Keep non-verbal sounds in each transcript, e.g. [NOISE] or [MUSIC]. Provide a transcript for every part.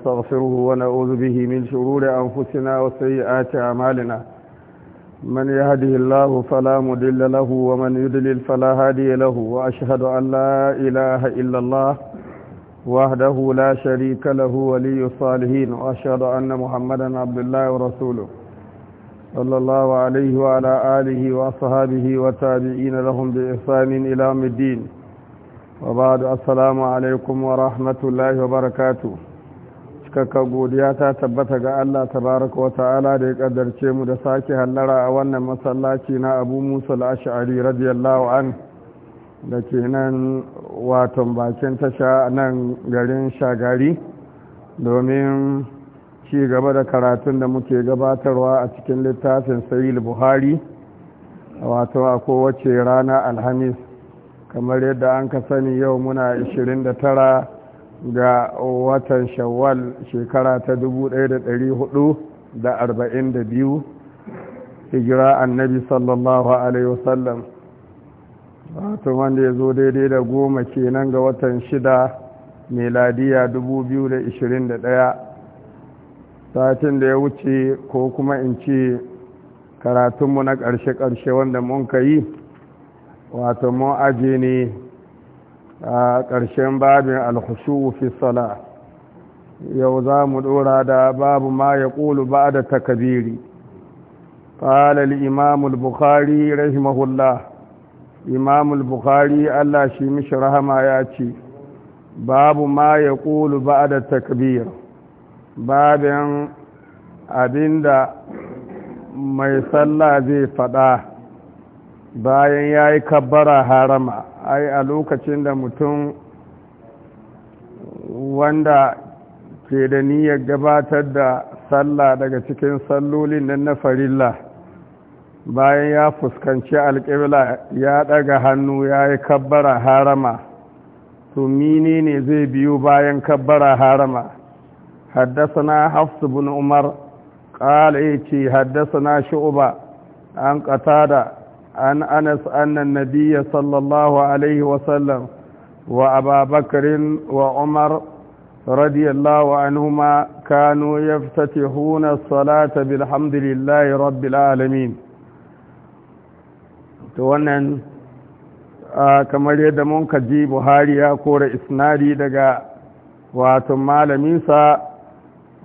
نستغفره ونعوذ به من شرور أنفسنا وسيئات أعمالنا من يهده الله فلا مضل له ومن يضلل فلا هادي له وأشهد أن لا إله إلا الله وحده لا شريك له ولي الصالحين وأشهد أن محمدا عبد الله ورسوله صلى الله عليه وعلى آله وأصحابه وتابعين لهم بإحسان إلى الدين وبعد السلام عليكم ورحمة الله وبركاته cikakka godiya ta tabbata ga Allah tabaraka wa ta'ala da ya kaddarce mu da sake hallara a wannan masallaci na Abu Musa al-Ash'ari radiyallahu an da ke nan waton bakin tasha nan garin Shagari domin ci gaba da karatun da muke gabatarwa a cikin littafin Sahih Buhari wato a kowace rana Alhamis kamar yadda an ka sani yau muna 29 ga watan shawwal shekara ta 1442 hijira annabi sallallahu alaihi wasallam wato wanda ya zo daidai da goma kenan ga watan shida meladiya 2021 satin da ya wuce ko kuma in ce karatunmu na ƙarshe-ƙarshe wanda mun ka yi wato mun aji ne a ƙarshen babin alhushu fi sala yau za mu ɗora da babu ma ya ƙulu ba da takabiri ƙalar imamul bukhari rahimahullah imamul bukhari allah shi mishi rahama ya ce babu ma ya ƙulu ba da takbir babin abinda mai sallah zai faɗa bayan ya yi kabbara harama ai a lokacin da mutum wanda ke da niyyar gabatar da sallah daga cikin sallolin nan na farilla bayan ya fuskanci alƙibla ya ɗaga hannu ya yi kabbara harama to mini ne zai biyu bayan kabbara harama haddasa hafsu bin umar ƙala ce haddasa na shu'uba an da. عن أنس أن النبي صلى الله عليه وسلم وأبا بكر وعمر رضي الله عنهما كانوا يفتتحون الصلاة بالحمد لله رب العالمين wannan kamar yadda mun ka ji buhari ya kora isnadi daga wato malaminsa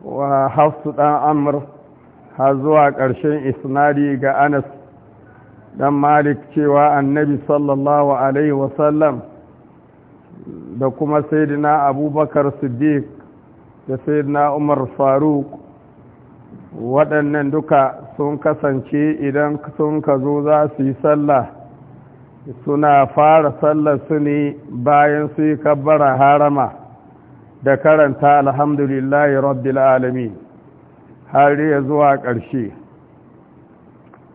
wa hafsu dan amr har zuwa ƙarshen isnadi ga anas dan malik cewa annabi sallallahu alaihi wasallam da kuma sayyidina abubakar siddiq da sayyidina umar faruk waɗannan duka sun kasance idan sun ka zo za su yi sallah suna fara sallar su ne bayan su yi kabbara harama da karanta alhamdulillahi rabbil alamin har zuwa ƙarshe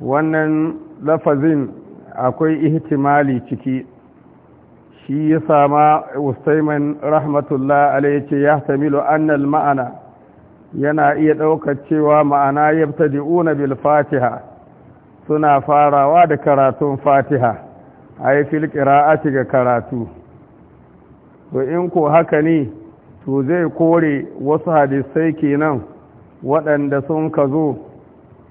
wannan lafazin akwai ihtimali ciki shi ya sama ustaiman rahmatullah alaihi ce ya tamilu annal ma'ana yana iya ɗaukar cewa ma'ana yabtadi'una bil fatiha suna farawa da karatun fatiha yi fil qira'ati ga karatu to in ko haka ne to zai kore wasu hadisai kenan waɗanda sun ka zo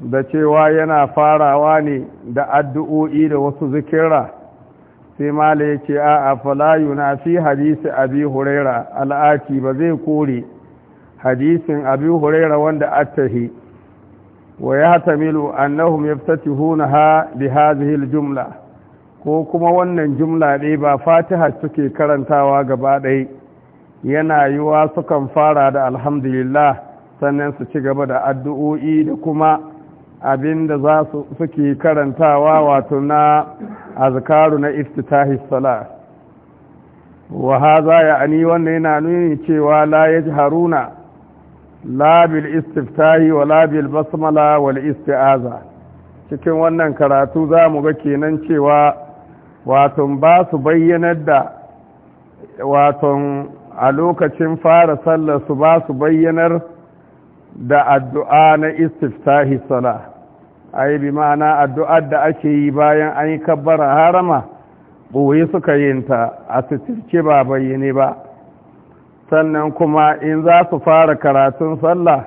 da cewa yana farawa ne da addu'o'i da wasu zikira sai mala ya ce a afalayu na fi hadisi abi huraira al'aki ba zai kore hadisin abi huraira wanda attahi wa ya tamilu annahum huna ha bi ha jumla ko kuma wannan jumla ne ba fatiha suke karantawa gaba ɗaya yana yiwa sukan fara da alhamdulillah sannan su ci gaba da addu'o'i da kuma abinda za su suke karantawa wato na azkaru na iftitahi sala wa haza ya wannan yana nuni cewa la yajharuna la bil istiftahi wa la bil basmala wal isti'aza cikin wannan karatu za mu ga kenan cewa wato ba su bayyanar da wato a lokacin fara sallar su ba su bayyanar da addu'a na istiftahi salah ai bi ma'ana addu'ar da ake yi bayan an yi kabbara harama ɓoye suka yin ta a sitirce ba bayyane ba sannan kuma in za su fara karatun sallah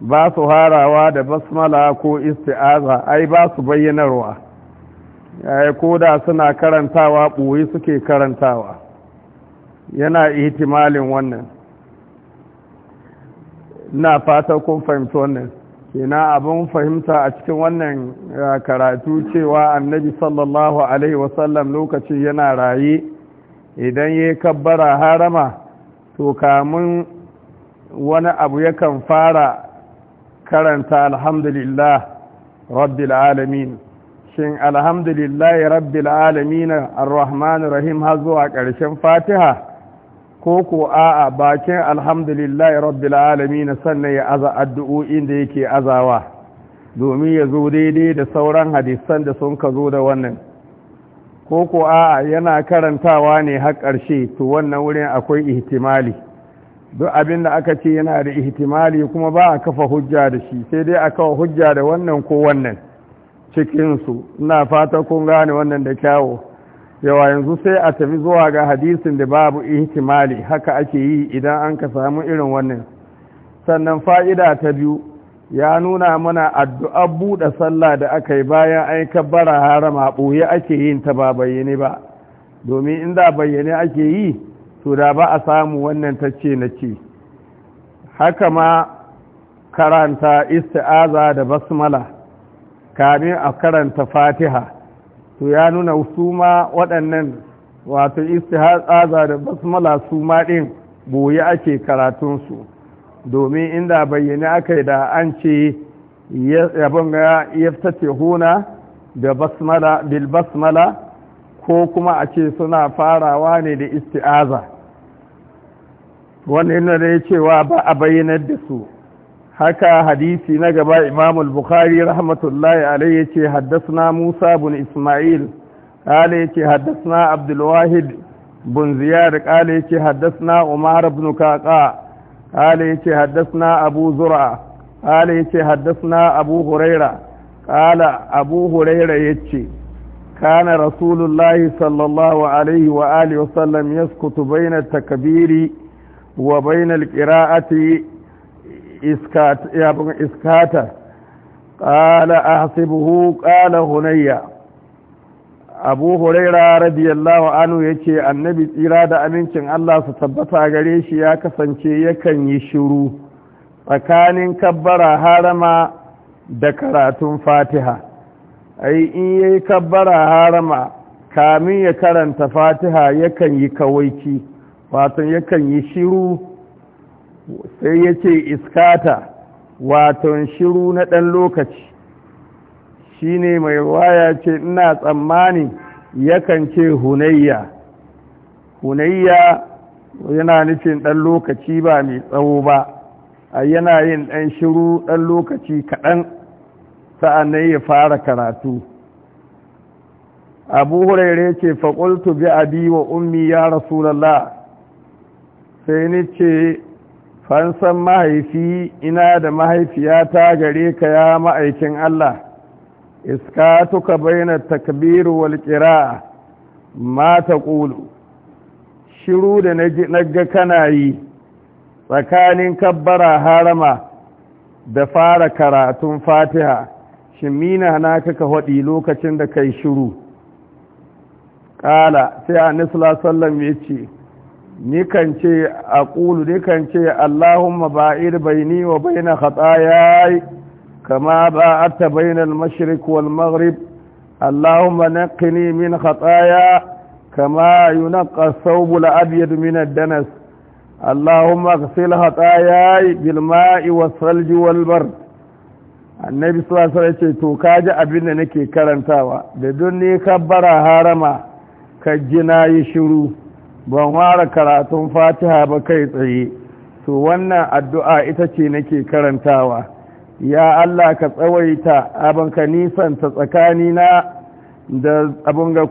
ba su harawa da basmala ko isti'aza ai ba su bayyanarwa yaya ko da suna karantawa ɓoye suke karantawa yana ihtimalin wannan na fata kun fahimci wannan ina abin fahimta a cikin wannan uh, karatu cewa annabi sallallahu alaihi wasallam lokaci yana raye idan ya kabbara harama to kamun wani abu yakan fara karanta alhamdulillah rabbil alamin shin alhamdulillah rabbil alamin arrahmanir rahim har zuwa ƙarshen fatiha ko ko a'a bakin alhamdulillahi rabbil alamin sannan ya aza addu'o'in da yake azawa domin ya zo daidai da sauran hadisan da sun ka zo da wannan ko ko a'a yana karantawa ne har ƙarshe to wannan wurin akwai ihtimali duk abin da aka ce yana da ihtimali kuma ba a kafa hujja da shi sai dai a kawo hujja da wannan ko wannan cikinsu ina fata kun gane wannan da kyawo yawa yanzu sai a tafi zuwa ga hadisin da babu ihtimali haka ake yi idan an ka samu irin wannan sannan fa'ida ta biyu ya nuna mana addu'ar buɗe sallah da aka yi bayan an kabbara harama ɓoye ake yin ta ba bayyane ba domin in da bayyane ake yi to da ba a samu wannan tacce na ce haka ma karanta isti'aza da basmala kamin a karanta fatiha to ya nuna su ma waɗannan wato istihaza da basmala su ma ɗin boye ake karatunsu domin inda bayyane aka yi da an ce yabon ga yaftace huna da basmala bil basmala ko kuma a ce suna farawa ne da isti'aza Wani yana da cewa ba a bayyanar da su haka hadisi na gaba imam al-bukhari rahmatullahi alayhi yace haddathna musa bin isma'il qala yace haddathna abdul wahid bin ziyad qala yace haddathna umar ibn qaqa qala yace haddathna abu zur'a qala yace haddathna abu huraira qala abu huraira yace kana rasulullahi sallallahu alayhi wa alihi wa sallam yaskutu bayna at-takbiri wa bayna al-qira'ati iskata ƙala a hasibuhu ƙala hunayya abu huraira radiyallahu anhu ya ce annabi tsira da amincin allah su tabbata gare shi ya kasance yakan yi shiru tsakanin kabbara harama da karatun fatiha ai in yi kabbara harama kamin ya karanta fatiha yakan yi kawaiki wato yakan yi shiru sai ya ce iskata wato shiru na ɗan lokaci shi ne mai waya ce ina tsammani yakan ce hunayya hunayya yana nufin ɗan lokaci ba mai tsawo ba a yana yin ɗan shiru ɗan lokaci kaɗan sa'annan ya fara karatu abu hurairu ce faƙultu bi abi wa ummi ya rasulallah sai ni ce fansan mahaifi ina da mahaifiyata gare ka ya ma'aikin Allah iska tuka bayyana takbiru wal ƙira'a ma ta ƙulu shiru da naga kana yi tsakanin kabbara harama da fara karatun fatiha shimina na kaka haɗi lokacin da kai shiru ƙala sai a nisla sallam ya ce ni kan ce a ƙulu ni kan ce allahumma ba'ir baini wa baina khatayayi kama ba a ba'atta bainal mashriq wal maghrib allahumma naqqini min khataya كما ينقى الثوب الأبيض من الدنس اللهم اغسل خطاياي بالماء والثلج والبرد annabi sallallahu alaihi ce to kaji abin da nake karantawa da don ne ka bara harama ka ji yi shiru ban fara karatun fatiha ba kai tsaye to wannan addu'a ita ce nake karantawa ya Allah ka tsawaita abin ka tsakani tsakanina da abin ga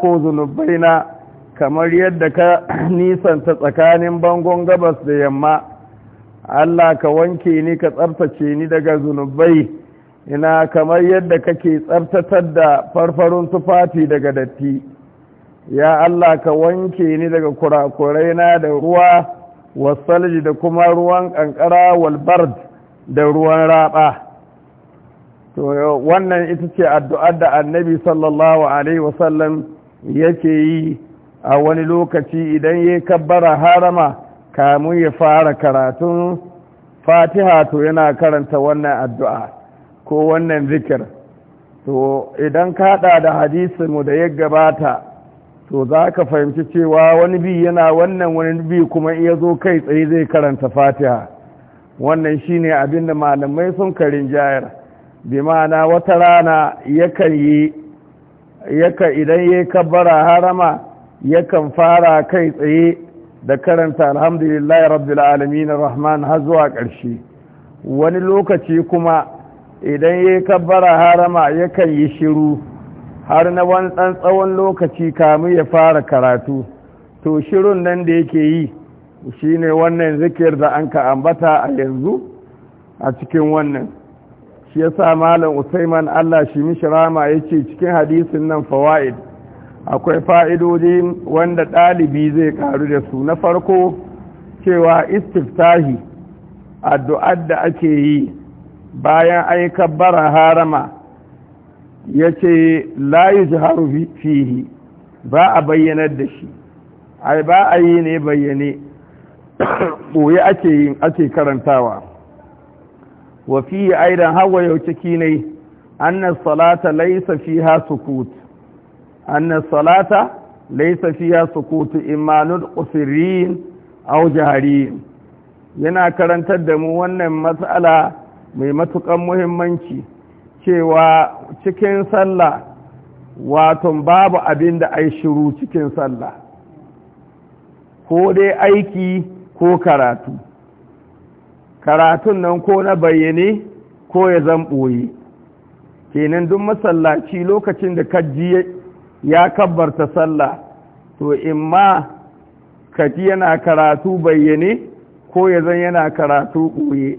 ko zunubaina kamar yadda ka [CLEARS THROAT] nisan ta tsakanin bangon gabas da yamma Allah ka wanke ni ka tsabtace ni daga zunubai ina kamar yadda kake tsabtatar da farfarun tufafi daga datti ya Allah ka wanke ni daga kurakurai na da ruwa wasalji da kuma ruwan kankara walbard da ruwan raba to wannan ita ce addu'ar da annabi sallallahu alaihi wasallam yake yi a wani lokaci idan ya kabbara harama kamun ya fara karatun fatiha to yana karanta wannan addu'a ko wannan zikir to idan ka da hadisinmu da ya gabata to za ka fahimci cewa wani bi yana wannan wani bi kuma iya zo kai tsaye zai karanta fatiha wannan shine abin da malamai sun karin jayar bi ma'ana wata rana yakan yi yaka idan ya kabbara harama yakan fara kai tsaye da karanta alhamdulillahi rabbil alamin rahman har zuwa ƙarshe wani lokaci kuma idan ya yi kabbara harama yakan yi shiru har na wani ɗan tsawon lokaci kamu ya fara karatu to shirin nan da yake yi shi ne wannan zikir da an ka ambata a yanzu a cikin wannan shi ya sa malam usaiman allah shi mishi rama ya ce cikin hadisin nan fawa'id akwai fa'idodi wanda ɗalibi zai ƙaru da su na farko cewa istiftahi addu'ar da ake yi bayan aika bara harama ya ce layu jiharu fihi ba a bayyanar da shi ai ba a yi ne bayyane [COUGHS] ɓoye ake yin ake karantawa wa fi aidan hawa yau ciki ne annas salata laisa fiha sukut annas salata laisa fiha sukut imanul qusirin aw yana karantar da mu wannan matsala mai matukan muhimmanci cewa cikin sallah waton babu abin da ai shiru cikin sallah ko dai aiki ko karatu karatun nan ko na bayyane ko ya zan ɓoye kenan duk masallaci lokacin da kaji ya kabbarta sallah to imma kaji yana karatu bayyane ko ya zan yana karatu ɓoye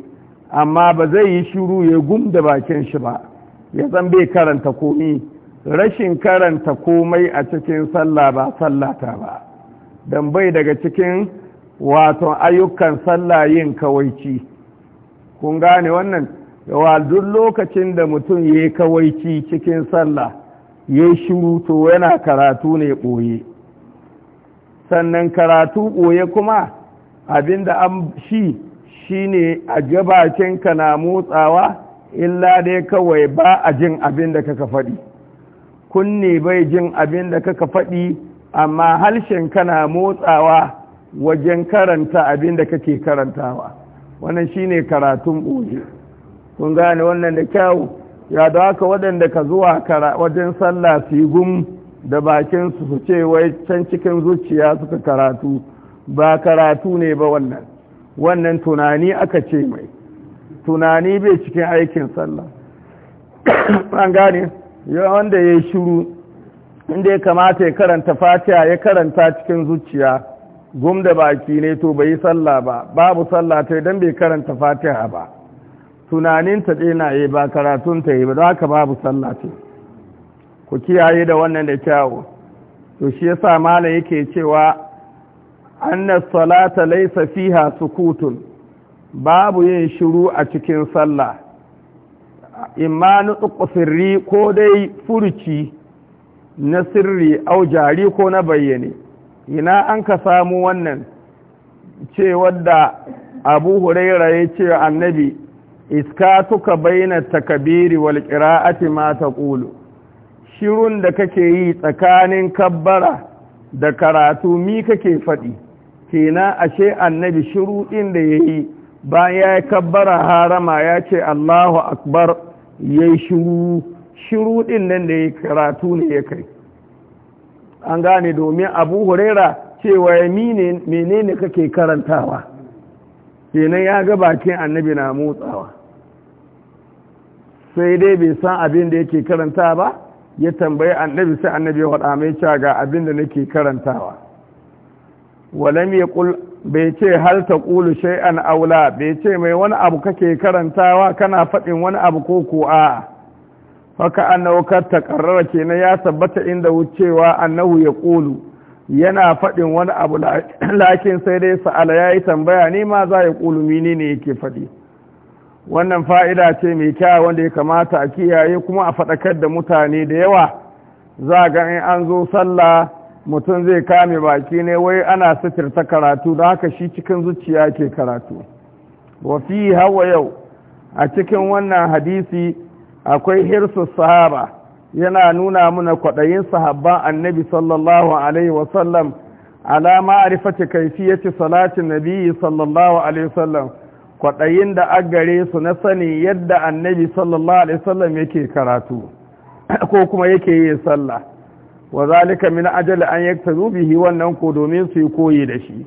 amma ba zai yi shiru ya gum da bakin shi ba ya zan bai karanta komi rashin karanta komai a cikin sallah ba sallata ba don bai daga cikin wato ayyukan sallah yin kawaici kun gane wannan yawa duk lokacin da mutum ya yi kawaici cikin sallah ya yi to yana karatu ne ɓoye sannan karatu ɓoye kuma abinda an shi ne a gabacinka na motsawa illa dai kawai ba a jin abin da kaka faɗi kunne bai jin abin da kaka faɗi amma harshen kana motsawa wajen karanta abin da kake karantawa wannan shine karatun ɓoye kun gane wannan da kyau ya da haka waɗanda ka zuwa wajen sallah su yi gum da bakin su ce wai can cikin zuciya suka karatu ba karatu ne ba wannan wannan tunani aka ce mai tunani bai cikin aikin sallah an gane wanda ya yi shiru inda ya kamata ya karanta fatiha ya karanta cikin zuciya gum da baki ne to bai yi sallah ba babu sallah ta idan bai karanta fatiha ba tunaninta ɗaya na yi ba karatunta yi ba don haka babu sallah ce ku kiyaye da wannan da kyawu to shi yasa malam yake cewa annas salata laysa fiha sukutun babu yin shiru a cikin sallah imma na tsukufirri ko dai furuci na sirri au jari ko na bayyane ina an ka samu wannan ce wadda abu huraira ya ce annabi iska tuka bayyana takabiri wal kira'ati ma kulu shirun da kake yi tsakanin kabbara da karatu mi kake faɗi kenan ashe annabi shiru ɗin da yayi bayan ya yi kabbara harama ya ce allahu akbar ya yi shiru shiru ɗin nan da ya karatu ne ya kai an gane domin abu huraira cewa ya menene kake karantawa kenan ya ga bakin annabi na motsawa sai dai bai san abin da yake karanta ba ya tambayi annabi sai annabi ya wada mai cewa ga abin da nake karantawa walam yaqul bai ce hal ta ƙulu shay'an aula bai ce mai wani abu kake karantawa kana faɗin wani abu ko ko a haka annahu kar ta kenan ya tabbata inda wucewa annahu ya ƙulu yana faɗin wani abu lakin sai dai sa'ala ya yi tambaya ne ma za ya ƙulu mini ne yake faɗi wannan fa'ida ce mai kyawa wanda ya kamata a kiyaye kuma a faɗakar da mutane da yawa za ga in an zo sallah mutum zai kame baki ne wai ana sitirta karatu da haka shi cikin zuciya ke karatu wafi hawa yau a cikin wannan hadisi akwai hirsu sahaba yana nuna muna kwaɗayin sahabban annabi sallallahu alaihi wasallam ala ma'arifati kaifiyati salatin nabiyyi sallallahu alaihi wasallam kwaɗayin da agare su na sani yadda annabi sallallahu alaihi wasallam yake karatu ko kuma yake yi sallah wa zalika min ajal an yaktazu bihi wannan ko domin su yi koyi da shi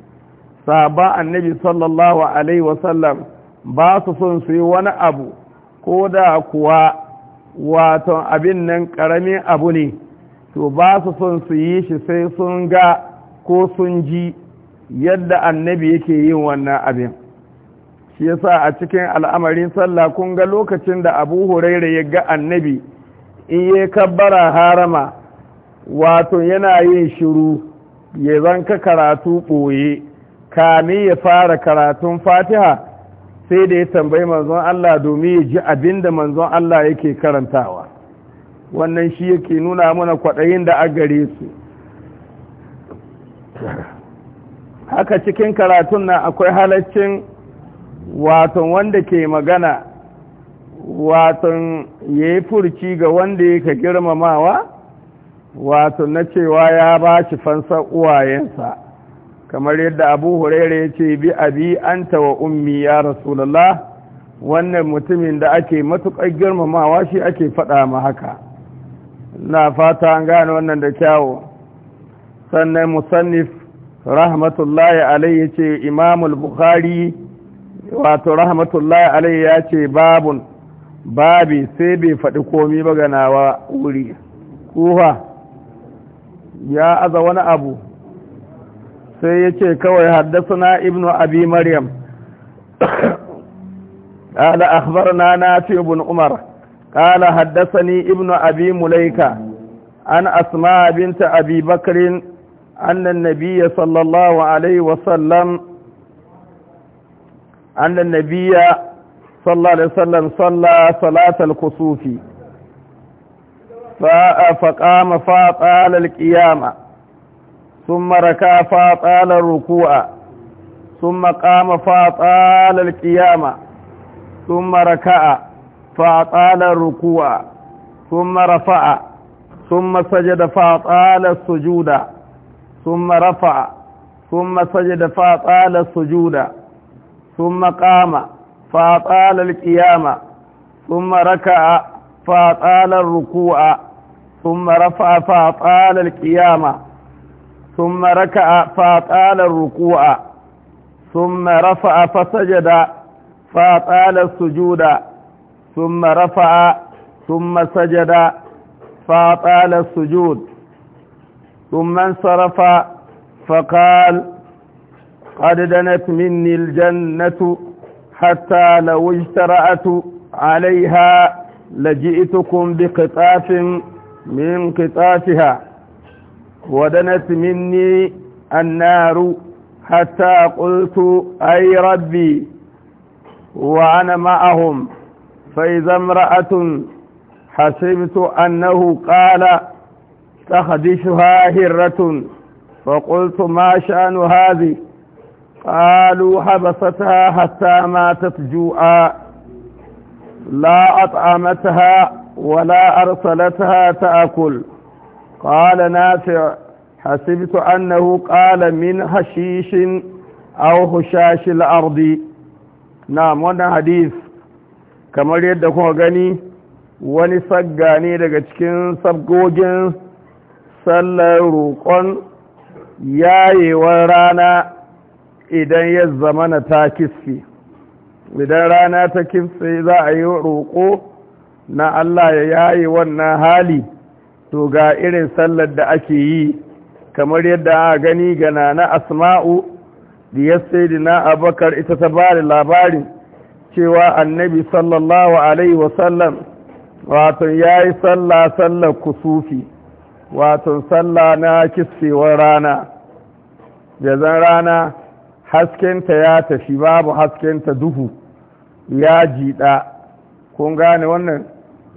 sahaba annabi sallallahu alaihi wa sallam ba su son su yi wani abu ko da kuwa wato abin nan karamin abu ne to ba su son su yi shi sai sun ga ko sun ji yadda annabi yake yin wannan abin shi yasa a cikin al'amarin sallah kun ga lokacin da abu huraira ya ga annabi in ya kabbara harama wato yana yin shiru ya zanka karatu ɓoye kami ya fara karatun fatiha sai da ya tambayi manzon Allah domin ya ji abin da manzon Allah yake karantawa wannan shi yake nuna mana kwaɗayin da a gare su haka cikin karatun na akwai halaccin waton wanda ke magana waton ya yi furci ga wanda yake girmamawa wato na cewa ya ba shi fansar uwayensa kamar yadda abu huraira ya ce bi abi anta wa ummi ya rasulallah wannan mutumin da ake matuƙar girmamawa shi ake faɗa ma haka na fata an gane wannan da kyawo sannan musannif rahmatullahi alaihi ce imamul bukhari wato rahmatullahi alaihi ya ce babun babi sai bai faɗi komi ba ganawa wuri kuwa ya aza wani abu sai ya ce kawai haddasa ibn abi maryam ƙala [COUGHS] akhbar na nafi ibn umar ƙala haddasa ni ibn abi mulaika an asma binta abi bakirin annan nabiya sallallahu alaihi wasallam annan nabiya sallallahu alaihi wasallam salla salatar kusufi فقام فاطال القيامة ثم ركع فاطال الركوع ثم قام فاطال القيامة ثم ركع فاطال الركوع ثم رفع ثم سجد فاطال السجود ثم رفع ثم سجد فاطال السجود ثم قام فاطال القيامة ثم ركع فأطال الركوع ثم رفع فأطال القيامة ثم ركع فأطال الركوع ثم رفع فسجد فأطال السجود ثم رفع ثم سجد فأطال السجود ثم انصرف فقال قد دنت مني الجنة حتى لو اجترأت عليها لجئتكم بقطاف من قطافها ودنت مني النار حتى قلت أي ربي وأنا معهم فإذا امرأة حسبت أنه قال تخدشها هرة فقلت ما شأن هذه قالوا حبستها حتى ماتت جوعا لا أطعمتها ta أرسلتها تأكل قال نافع حسبت أنه قال من هشيش أو هشاش الأرض نعم وانا حديث kamar yadda kuma gani wani sagga ne daga cikin sabgogin sallar roƙon yayewar rana idan ya zamana ta kiske idan rana ta kifse za a yi roƙo na Allah ya yaye wannan hali to ga irin sallar da ake yi kamar yadda a gani gana na asma'u da ya diyar na abakar ita ta bari labarin cewa annabi sallallahu alaihi wasallam wato ya yi sallah sallar kusufi wato sallah na kisfewar rana jazan rana haskenta ya tafi babu haskenta duhu ya jiɗa kun gane wannan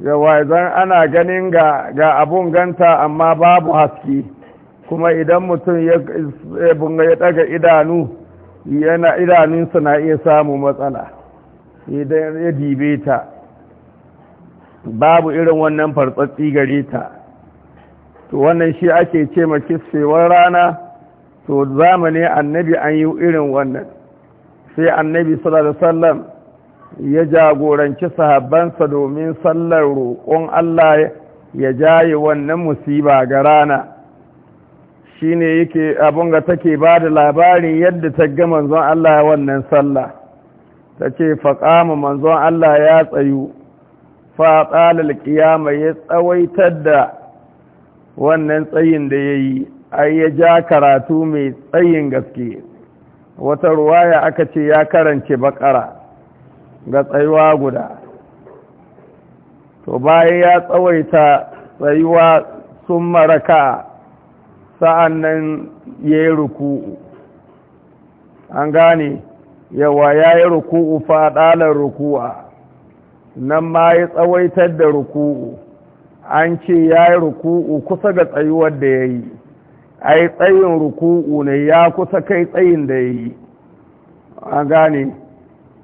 yawa zan ana ganin ga, ga abun ganta amma babu haske kuma idan mutum ya ɗaga idanu yana idanunsa na iya samu matsala idan ya dibe ta babu irin wannan fartsatsi gare ta to wannan shi ake ce ma kisfewar rana to zamanin annabi an yi irin wannan sai annabi sallallahu alaihi wasallam ya jagoranci sahabbansa domin sallar roƙon Allah ya jaye wannan musiba ga rana shine yake abun ga take ba da labarin yadda ta ga manzon Allah wannan sallah ta ce faƙama manzon Allah ya tsayu fatsalar ƙiyama ya tsawaitar da wannan tsayin da ya yi ai ya ja karatu mai tsayin gaske wata ruwaya aka ce ya karance bakara ga tsayuwa guda to bayan ya tsawaita tsayuwa sun maraka sa'an nan ya yi ruku'u an gane yawa ya yi ruku'u faɗalar ruku'a nan ma ya tsawaitar da ruku'u an ce ya yi ruku'u kusa ga tsayuwar da ya yi ai tsayin ruku'u ne ya kusa kai tsayin da ya yi an gane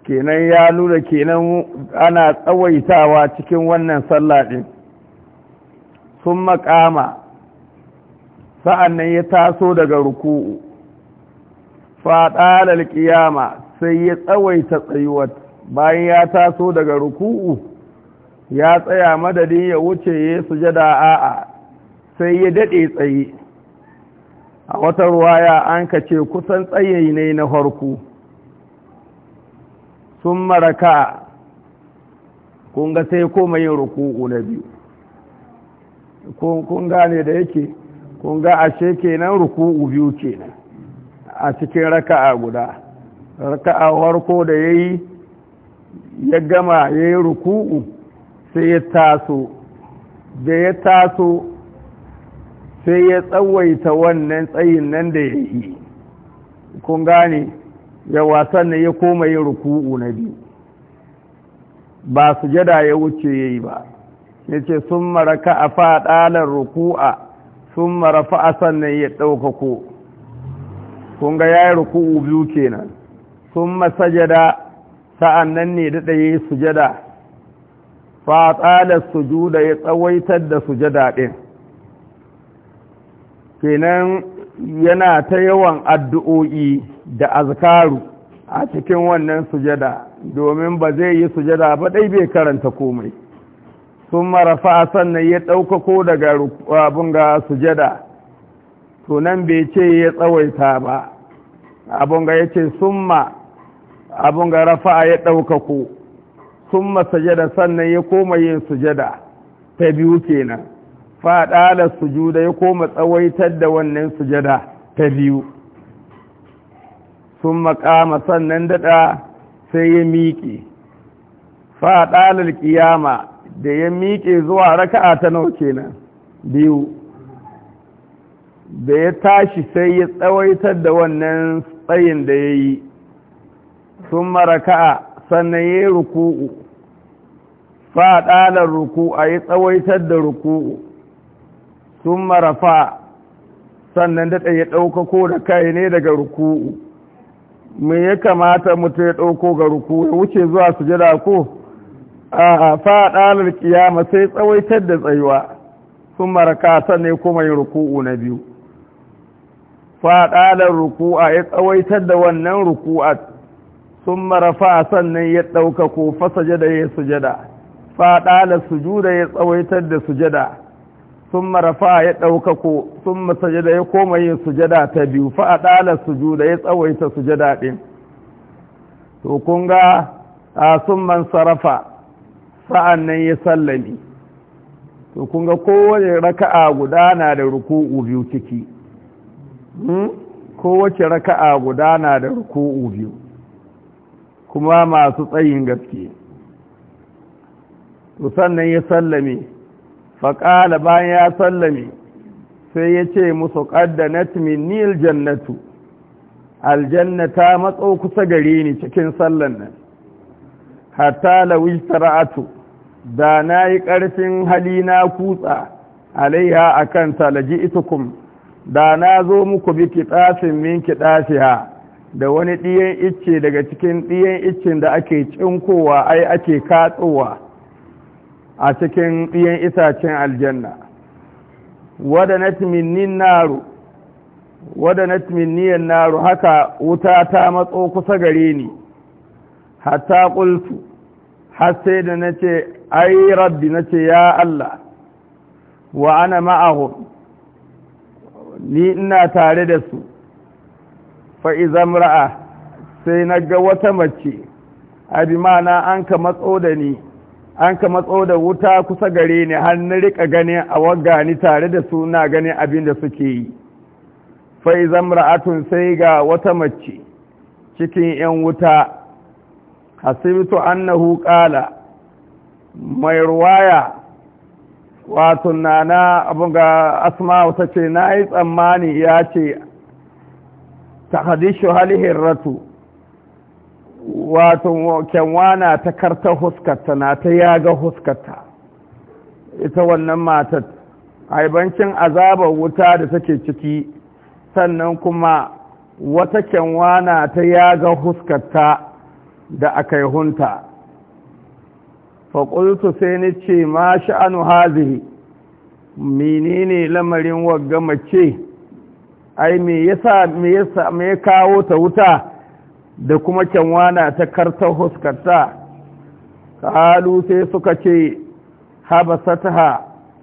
kenan ya nuna kenan ana tsawaitawa cikin wannan sallah din sun makama sa'annan ya taso daga ruku'u faɗalar ƙiyama sai ya tsawaita tsayuwar bayan ya taso daga ruku'u ya tsaya madadin ya wuce ya sujada a'a sai ya daɗe tsaye a wata ruwaya an ka ce kusan tsayayi ne na farko sun maraka kunga sai koma yin ruku'u na biyu kun gane da yake kunga ashe kenan ruku'u biyu kenan a cikin raka'a guda raka'a farko da ya yi ya gama ya yi ruku'u sai ya taso da ya taso sai ya tsawaita wannan tsayin nan da ya yi kun gane ya wasan ya koma yin ruku'u na biyu ba su jada ya wuce ya yi ba ya ce sun maraka a faɗalar ruku'a sun marafa a sannan ya ɗaukako kun ga ya yi ruku'u biyu kenan sun masajada sa'an nan ne daɗa ya yi sujada su sujuda ya tsawaitar da sujada ɗin kenan yana ta yawan addu'o'i da azkaru a cikin wannan sujada domin ba zai yi sujada ba ɗai bai karanta komai sun marafa sannan ya ɗaukako daga abin ga sujada tunan bai ce ya tsawaita ba abin ga ya ce sun ma abin ga rafa ya ɗaukako sun ma sujada sannan ya koma yin sujada ta biyu kenan faɗalar sujuda ya koma tsawaitar da wannan sujada ta biyu sun makama sannan daɗa sai ya miƙe faɗalar ƙiyama da ya miƙe zuwa raka'a ta nawa kenan biyu da ya tashi sai ya tsawaitar da wannan tsayin da ya yi sun maraka'a sannan ya yi ruku'u faɗalar a yi tsawaitar da ruku'u sun marafa sannan da ya ɗaukako da kai ne daga ruku'u me ya kamata mutum ya ɗauko ga ruku ya wuce zuwa sujada ko a faɗalar kiyama sai tsawaitar da tsayuwa sun maraka sannan kuma yin ruku'u na biyu faɗalar ruku'a ya tsawaitar da wannan ruku'a sun marafa sannan ya ɗauka ko jada ya sujada faɗalar sujuda ya tsawaitar da sujada sun marafa ya ɗaukako sun masajada ya koma yin sujada ta biyu fa'a ɗalar sujuda ya tsawaita sujada ɗin to kun ga a sun sarrafa sa'an ya sallami to kun ga kowace raka'a guda na da ruku'u biyu ciki hmm? kowace raka'a guda na da ruku'u biyu kuma masu tsayin gaske to sannan ya sallame faƙala bayan ya sallame sai ya ce musu na minil jannatu aljanna ta matso kusa gare ni cikin sallan nan hatta ra'atu. da na yi ƙarfin hali na kutsa alaiha a kan talaji itukum da na zo muku bi kiɗafin min ha, da wani ɗiyan icce daga cikin ɗiyan iccen da ake cinkowa ai ake katsowa a cikin ɗiyan itacen aljanna wada na timinnin naru wada na timinniyan naru haka wuta ta matso kusa gare ni hatta ƙultu har sai da na ce ai rabbi na ce ya Allah wa ana ma'ahu ni ina tare da su fa'izan ra'a sai na ga wata mace abi ma'ana an ka matso da ni an ka matso da wuta kusa gare ni har na rika ganin a wagga ni tare da su na ganin abin da suke yi fai ra'atun sai ga wata mace cikin 'yan wuta hasibtu annahu qala mai ruwaya wato nana abin ga asma wata ce na yi tsammani ya ce ta hadishu halihin ratu wato kyanwana ta karta huskarta na ta yaga huskarta ita wannan matar haibancin azabar wuta da take ciki sannan kuma wata kyanwana ta yaga huskarta da aka yi hunta faƙultu sai ni ce ma sha'anu hazihi menene lamarin wagga mace ai me yasa me me kawo ta wuta da kuma kyanwa na ta karta huskarta kalu sai suka ce habasataha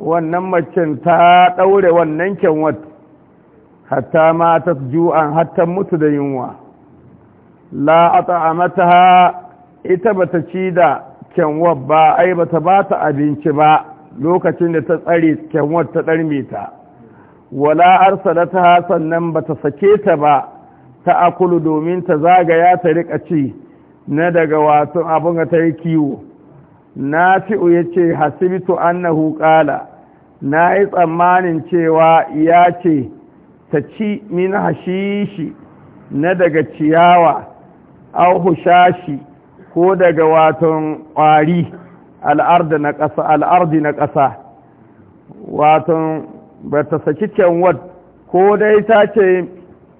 wannan macen ta daure wannan kyanwat hatta matat ju'an hatta mutu da yunwa la at'amataha ita bata ci da kyanwar ba ai bata ba ta abinci ba lokacin da ta tsare kyanwar ta ɗarme ta wala arsalataha sannan bata sake ta ba ta akulu domin ta zagaya ta rika ci na daga wato abin da ta yi kiwo na ya ce hasibitu annahu qala na yi tsammanin cewa ya ce ta ci min hashishi na daga ciyawa au hushashi ko daga waton kwari al'ardi na ƙasa al'ardi na waton ba ta saki kyanwar ko dai ta ce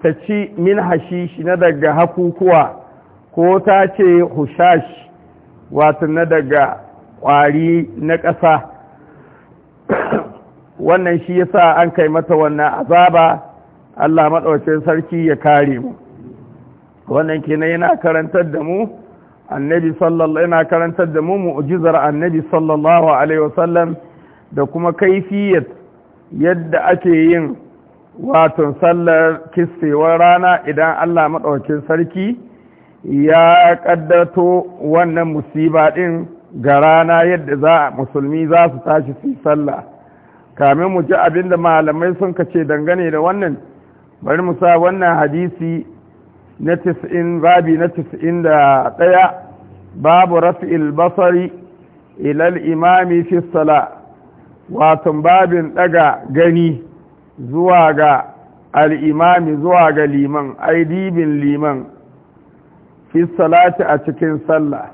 ta ci min hashishi na daga hakukuwa ko ta ce hushash wato na daga ƙwari na ƙasa [COUGHS] wannan shi yasa an kai mata wannan azaba Allah maɗaukin sarki ya kare mu wannan kenan yana karantar da mu annabi sallallahu yana karantar da mu mu'jizar annabi sallallahu alaihi wasallam da kuma kaifiyat yadda ake yin wato sallar kissewar rana idan Allah maɗaukin sarki ya ƙaddato wannan musiba ɗin ga rana yadda za musulmi za su tashi su sallah kamin mu ji abin da malamai sun kace dangane da wannan bari mu wannan hadisi na tis'in babi na ɗaya, babu rafi'il basari ilal imami fi sala wato babin ɗaga gani zuwa ga al'imami zuwa ga liman aidibin liman fi salati a cikin sallah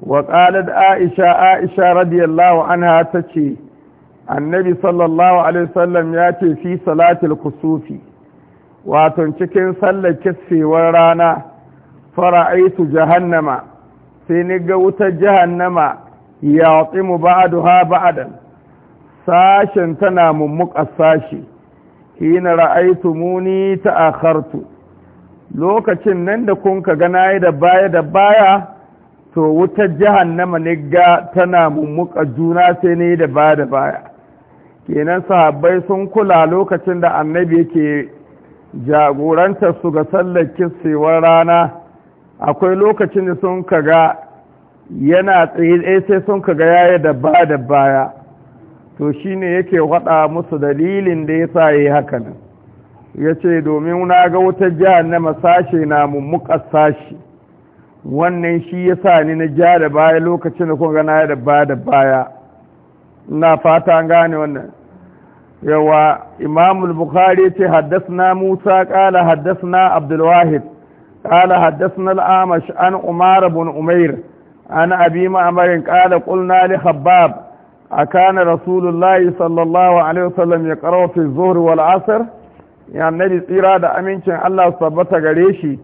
wa ƙalad aisha aisha radiyallahu anha ta ce annabi sallallahu alaihi sallam ya ce fi salatil kusufi waton cikin sallar kisfewar rana fara'aitu jahannama sai ni ga wutar jahannama ya tsimu ba'aduha ba'adan sashen tana mummuka sashi hina ra'aitu muni ta akhartu lokacin nan da kun ka ga nayi da baya da baya to wutar jahannama ne ga tana mummuka juna sai ne da baya da baya kenan sahabbai sun kula lokacin da annabi yake jagorantar su ga sallar kissewar rana akwai lokacin da sun kaga yana tsaye eh, sai sun kaga yayi da baya da baya to shi ne yake waɗa musu dalilin da ya sa yi haka nan ya ce domin na ga wata jahannama sashe na mummuka sashi wannan shi ya sa ni na ja da baya lokacin da kuma na da baya da baya na fata gane wannan yawa imamul bukhari ce haddasna musa kala haddasna abdulwahid kala haddasna al'amash an umar bin umair an abi ma'amarin kala kulna li habab akana rasulullahi sallallahu alaihi wasallam ya karawa fi zuhur wal asr ya tsira da amincin Allah sabbata gare shi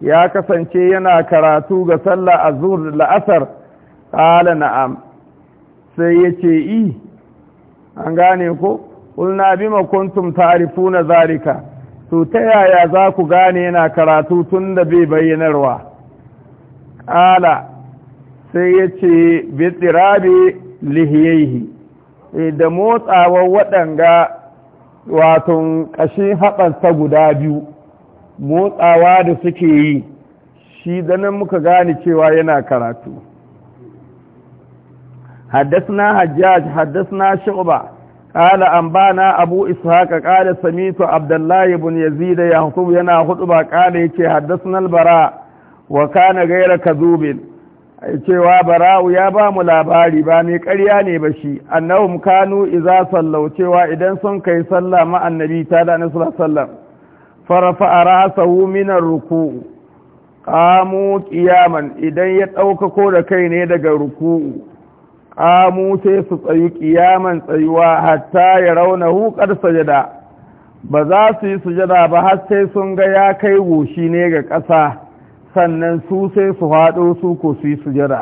ya kasance yana karatu ga sallah azhur wal asr qala na'am sai yace i an gane ko ulna bima kuntum ta'rifuna zarika? to ta yaya za ku gane yana karatu tun da bai bayyanarwa qala sai yace bi tirabi lihi ya yi hi eh da motsawar waɗanga watan ƙashin haɓansa guda biyu motsawa da suke yi shi da nan muka gane cewa yana karatu hadas na hajjaj hadas na shugaba kada an ba na a buisa haka kada ibn yazid da yana hudu ba kada ya bara wa ka na gaira kazubin. cewa Barawu ya ba mu labari ba mai karya ne ba shi annahum kanu iza sallau cewa idan sun kai sallah ma annabi ta da nasu sallam farafa a rasahu minar ruku ƙamu ƙiyaman idan ya ɗaukako da kai ne daga ruku ƙamu sai su tsayu ƙiyaman tsayuwa hatta ya rauna hukar sajada ba za su yi sujada ba har sai sun ga ya kai goshi ne ga ƙasa sannan su sai su haɗo su ko su yi sujada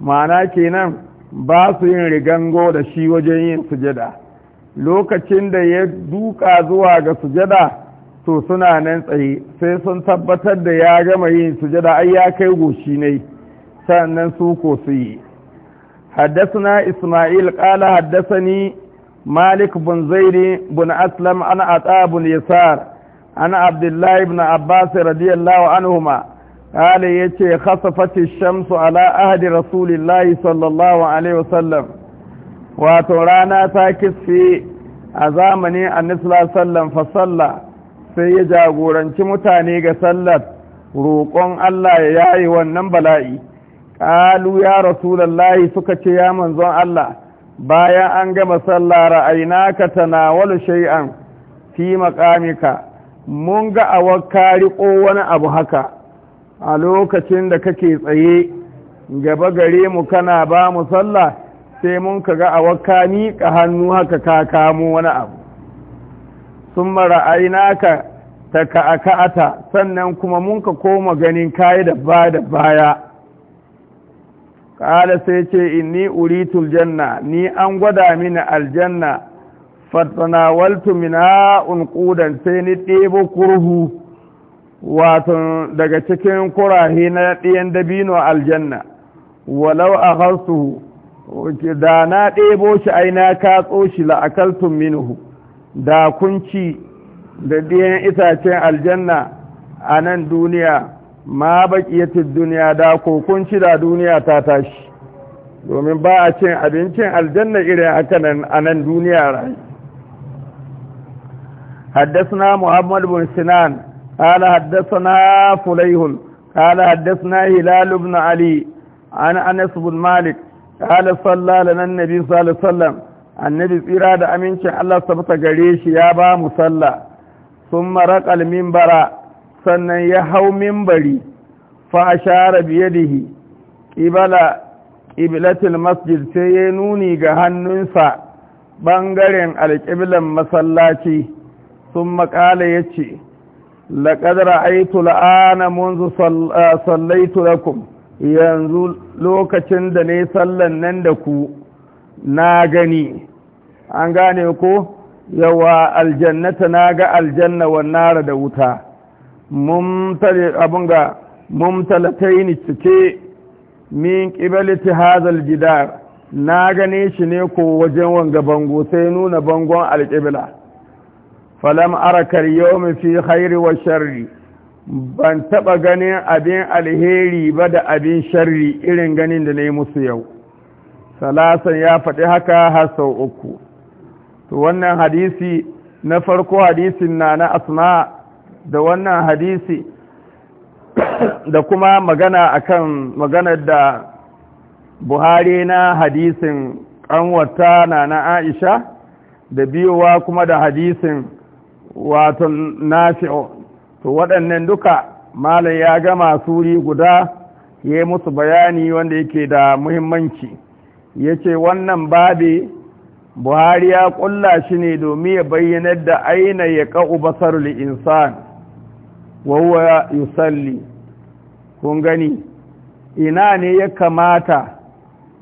ma'ana kenan ba su yin rigango da shi wajen yin sujada lokacin da ya duka zuwa ga sujada to suna nan tsaye sai sun tabbatar da ya gama yin sujada ai ya kai goshi ne sannan su ko su yi haddasa isma'il qala حدثني malik bin زيد bin aslam an عطاء بن ana abdullahi ibn abbas radiyallahu anhuma kale yace khasafati shamsu ala ahdi rasulillahi sallallahu alaihi wasallam wato rana ta kisfi a zamanin annabi sallallahu fasalla sai ya jagoranci mutane ga sallar roƙon Allah ya yayi wannan bala'i qalu ya rasulullahi suka ce ya manzon Allah bayan an gama sallah ra'aynaka tanawalu shay'an fi maqamika mun ga a kari ko wani abu haka a lokacin da kake tsaye gaba gare mu kana ba mu sallah sai mun ka ga wakani ka hannu haka ka kamo wani abu sun mara aina ka ta ka'aka'ata sannan kuma mun ka koma ganin kayi da ba da baya ƙala sai ce inni uritul janna ni an gwada mini aljanna fatanawaltu mina unqudan sai ni ɗebo kurhu wato daga cikin kurahi na ɗiyan dabino aljanna walau a harsu da na ɗebo shi ai na katso shi la'akaltun minuhu da kunci da ɗiyan itacen aljanna a nan duniya ma baƙiyatar duniya da ko kunci da duniya ta tashi domin ba a cin abincin aljanna irin haka a nan duniya rayu حدثنا محمد بن سنان قال حدثنا فليح قال حدثنا هلال بن علي عن أنس بن مالك قال صلى لنا النبي صلى الله عليه وسلم annabi tsira da amincin Allah sabata gare shi ya ba mu sallah sun maraƙal mimbara sannan ya hau mimbari fa ashara biyadihi qibala qiblatil masjid sai ya nuni ga hannunsa ɓangaren alƙiblan masallaci sun makala ya ce laƙadar aitu la'ana munzu sallaitu lakum yanzu lokacin da ne sallan nan da ku na gani an gane ko yawa aljannata na ga aljanna wannara da wuta mumtalatai ni cike min ƙibaliti hazal jidar na gane shi ne ko wajen wanga bango sai nuna bangon alƙibla falam arakar yau fi khairi wa sharri ban taɓa ganin abin alheri ba da abin sharri irin ganin da na yi musu yau salasan ya faɗi haka har sau uku to wannan hadisi na farko hadisin na na asma da wannan hadisi [COUGHS] da kuma magana akan maganar da buhari na hadisin ƙanwata na na aisha da biyowa kuma da hadisin wato nasi'u to waɗannan duka malam ya gama suri guda ya musu bayani wanda yake da muhimmanci ya ce wannan babi buhari ya ƙulla shi ne domin ya bayyanar da aina ya ƙa'u basarul insan wawa yusalli kun gani ina ne ya kamata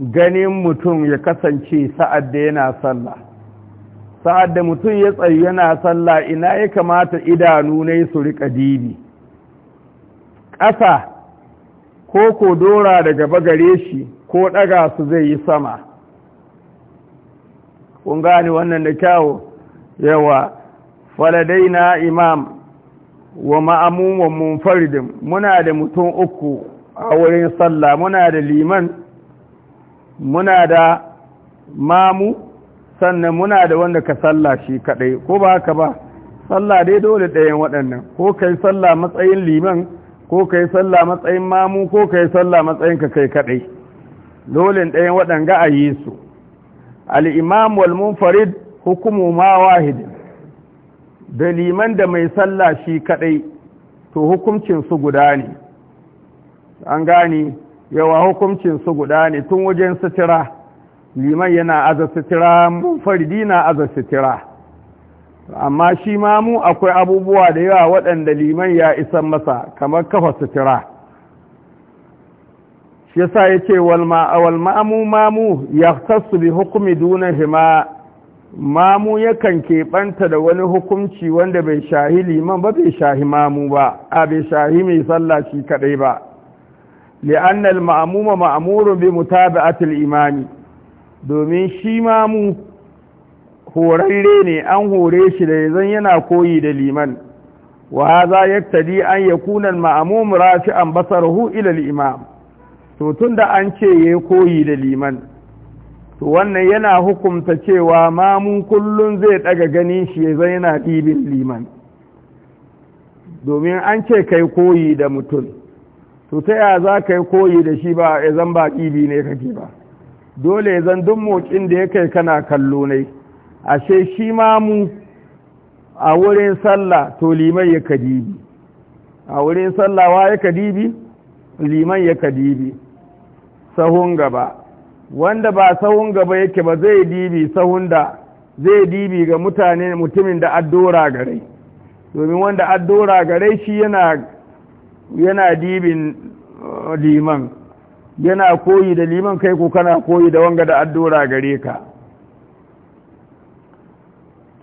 ganin mutum ya kasance sa'ad da yana sallah sa'ad da mutum ya tsayu yana sallah ina ya kamata idanu ne su riƙa dibi ƙasa ko ko dora daga bagare gare shi ko ɗaga su zai yi sama kun gane wannan da kyawo yawa faladai na imam wa ma'amun wa munfaridin muna da mutum uku a wurin sallah muna da liman muna da mamu sannan muna da wanda ka salla shi kaɗai, ko ba haka ba salla dai dole ɗayan waɗannan ko kai sallah matsayin liman ko kai sallah matsayin mamu ko kai sallah matsayin ka kai kaɗai, dole ɗayan waɗanga a yi su al-imam wal munfarid hukumu ma wahid da liman da mai salla shi kaɗai to hukuncin su guda ne an gane yawa hukuncin su guda ne tun wajen sutura liman yana aza sitira munfaridi na aza sitira amma shi ma mu akwai abubuwa da yawa waɗanda liman ya isan masa kamar kafa sitira shi yasa ya ce wal ma'amu mamu ya tasu bi hukumi duna hima mamu yakan keɓanta da wani hukunci wanda bai shahi liman ba bai shahi mamu ba a bai shahi mai sallah shi kaɗai ba li'annal ma'amuma ma'amurun bi mutabi'atul imani domin shi ma mu horarre ne an hore shi da yanzan yana koyi da liman wa ya tadi an yakuna al-ma'mum rafi'an basar ila al-imam to tun da an ce ya koyi da liman to wannan yana hukumta cewa ma mu kullum zai daga ganin shi yanzan yana dibin liman domin an ce kai koyi da mutum to ta yaya za ka yi koyi da shi ba ya ba ɗibi ne kake ba dole ya zan duk mokin da ya kai kana kallo ne ashe shi ma mu a wurin sallah to liman ya kadibi a wurin sallawa ya kadibi liman ya kadibi sahun gaba wanda ba sahun gaba yake ba zai dibi sahun da zai dibi ga mutane mutumin da addora gare domin wanda addora gare shi yana yana dibin uh, liman yana koyi da liman kai ko kana koyi da wanga da addora gare ka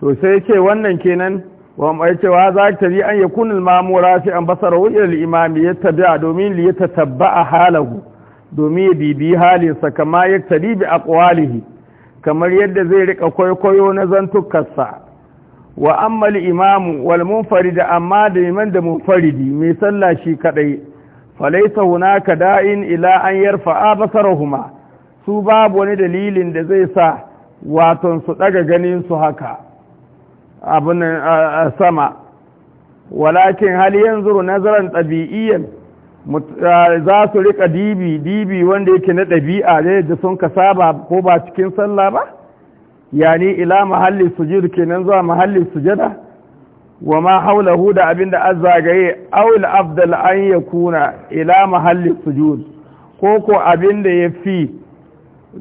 to sai ce wannan kenan wa mai cewa za ta yi an yakun al-mamura fi an basara wa al-imami tabi'a domin li yatatabba'a halahu domin ya bibi halinsa kama ya tabi bi aqwalihi kamar yadda zai rika kwaikwayo na zantukarsa wa amma al-imamu wal munfarid amma da liman da munfaridi mai sallah shi kadai falaisa hunaka da'in ila an yarfa basarahuma su babu wani dalilin da zai sa waton su daga ganin su haka abin sama walakin hal yanzu nazaran tabi'iyan za su rika dibi dibi wanda yake na ɗabi'a ne da sun ka saba ko ba cikin sallah ba yani ila mahalli sujud kenan zuwa mahalli sujada wa ma haulahu da abin da an zagaye aul afdal an ya kuna ila mahalli sujud ko ko abin da ya fi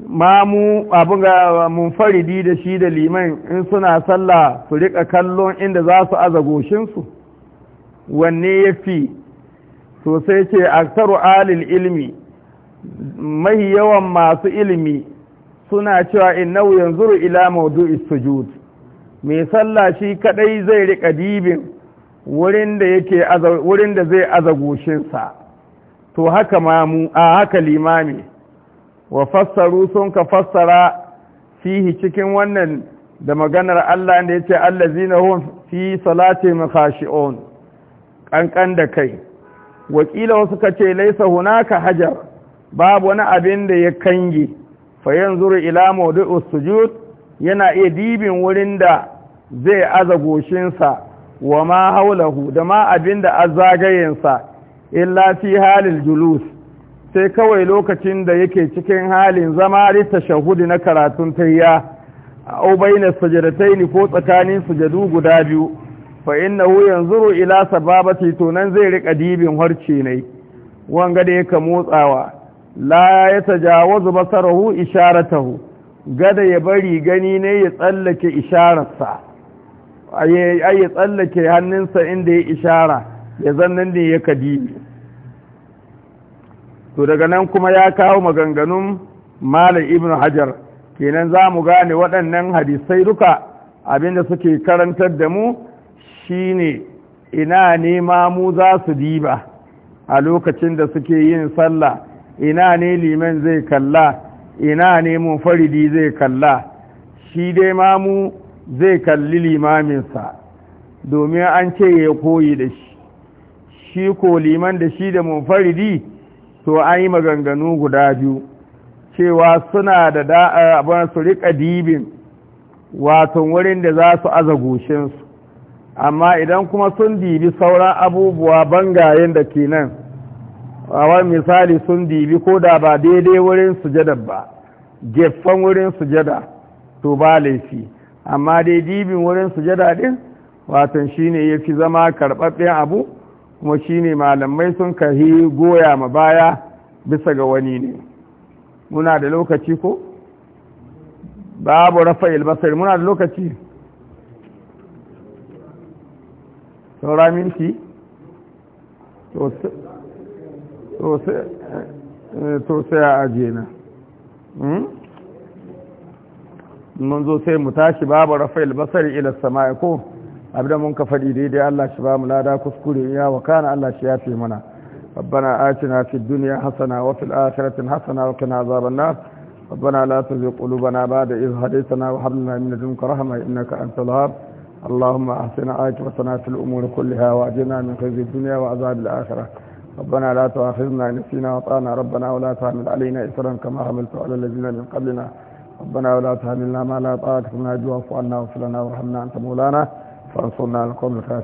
mamu abin ga munfaridi da shi da liman in suna sallah su rika kallon inda za su aza goshinsu wanne ya fi sosai ce aksaru alil ilmi mahi yawan masu ilmi suna cewa innahu yanzuru ila maudu'is sujud mai sallah shi kadai zai rika dibin wurin da yake wurin da zai aza to haka mamu a haka limami wa fassaru sun ka fassara fihi cikin wannan da maganar Allah da yace allazina hum fi salati mukhashi'un kankan da kai wakila wasu kace laisa hunaka hajar babu wani abin da ya kange fa yanzuru ila mawdu'us sujud yana iya dibin wurin da zai aza goshinsa wa ma haulahu da ma abin da a zagayensa illa fi halin julus sai kawai lokacin da yake cikin halin zama rita shahudi na karatun tayya a baina sujadataini ko tsakanin sujadu guda biyu fa innahu yanzuru ila sababati to nan zai rika dibin harce ne wanga da yake motsawa la ya tajawazu basarahu isharatahu gada ya bari gani ne ya tsallake ishararsa ya tsallake hannunsa inda ya ishara ya zannan ne ya kadi to daga nan kuma ya kawo maganganun malam ibnu hajar kenan za mu gane waɗannan hadisai duka abinda suke karantar da mu shine ina ne mu za su diba a lokacin da suke yin sallah ina ne liman zai kalla ina ne faridi zai kalla shi dai mamu zai kalli limaminsa domin an ce ya koyi da shi shi ko liman da shi da munfaridi to an yi maganganu guda biyu cewa suna da da'ar su riƙa dibin waton wurin da za su aza goshinsu amma idan kuma sun dibi sauran abubuwa bangayen da ke nan a misali sun dibi ko da ba daidai wurin sujada ba gefen wurin sujada to ba laifi amma dai dibin wurin sujada din watan shine yafi zama karɓaɓɓen abu kuma shine malamai sun kahi goya ma baya bisa ga wani ne muna da lokaci ko babu rafa'il basir muna da lokaci saura minti to sai eh, a ajiye na hmm? mun zo sai mu tashi babu rafa'il basari ila sama'i ko abinda mun ka faɗi daidai Allah shi ba mu lada kuskure ya wa kana Allah shi ya fi mana ربنا آتنا في الدنيا حسنة وفي الآخرة حسنة وقنا عذاب النار ربنا لا تزغ قلوبنا بعد إذ هديتنا وهب لنا من لدنك رحمة إنك أنت الوهاب اللهم أحسن عاقبتنا في الأمور كلها وأجرنا من خزي الدنيا وعذاب الآخرة ربنا لا تؤاخذنا إن نسينا وطعنا ربنا ولا تحمل علينا إسرا كما حملت على الذين من قبلنا ربنا ولا تهملنا ما لا طاقة لنا جوا فأنا وفلنا واغفر لنا وارحمنا أنت مولانا فانصرنا لكم القوم الكافرين